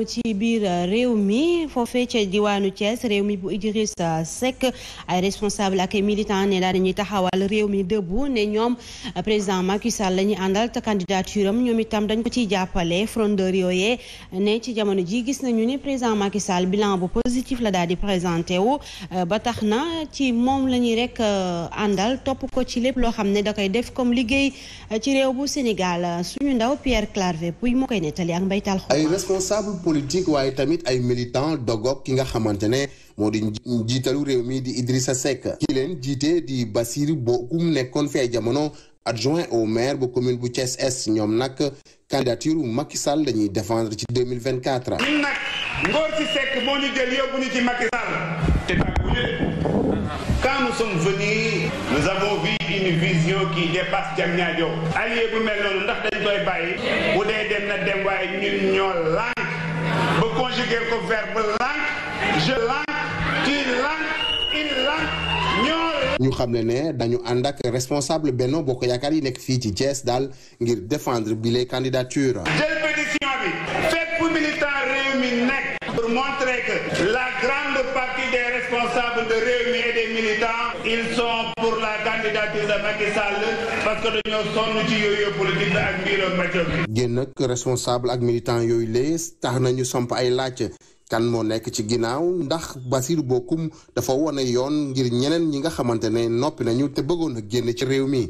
jàmm ci biir réew mi foofee ca diwaanu Thiès réew mi bu Idrissa Seck ay responsable ak militant ne daal dañuy taxawal réew mi dëbbu ne ñoom président Macky Sall la ñuy àndal te candidature am ñoom itam dañ ko ciy jàppale frondeur yooyee ne ci jamono ji gis nañu ni président Macky Sall bilan bu positif la daal di présenté wu euh, ba tax na ci moom la ñuy rek euh, àndal topp ko ci lépp loo xam ne da koy def comme liggéey euh, ci réew bu Sénégal suñu ndaw Pierre Claver Pouy moo koy nettali ak Mbaytal politique waaye tamit ay militant dogo ki nga xamantene modi moo rewmi di Idrissa Seck ki len jiite di Bassirou Bokoum nekkoon fi ay jamono adjoint au maire bu commune bu Thiès Est ñom nak candidature Macky Sall dañuy défendre ci 2024 nak Ngor ci Seck mo ñu jël yóbbu ñu ci Macky Sall te quand nous sommes venus nous avons vu une vision qui dépasse Diamniadio allié bu mel non ndax dañ koy bàyyi bu dé dem na dem way ñun ñoo laaj conjuguer ko verbe lànk je lànk tu lànk il lànk ñoo. ñu xam ne dañu ànd ak responsable Benno Bokk Yaakaar yi nekk fii ci Thiès daal ngir défendre bi les candidatures. jël pétition bi fépp militant réew mi nekk montrer que la grande partie des responsables de Rewmi et des militants ils sont pour la candidature de Macky Sall parce que dañoo sonn ci yooyu politique bi ak mbiram Macky génn nag responsable ak militant yoy les tax nañu somp ay laaj kan mo nek ci ginaaw ndax Basir Bokum dafa woné yoon ngir ñeneen ñi nga xamantene nopi noppi nañu te bëggoon a génn ci réew mi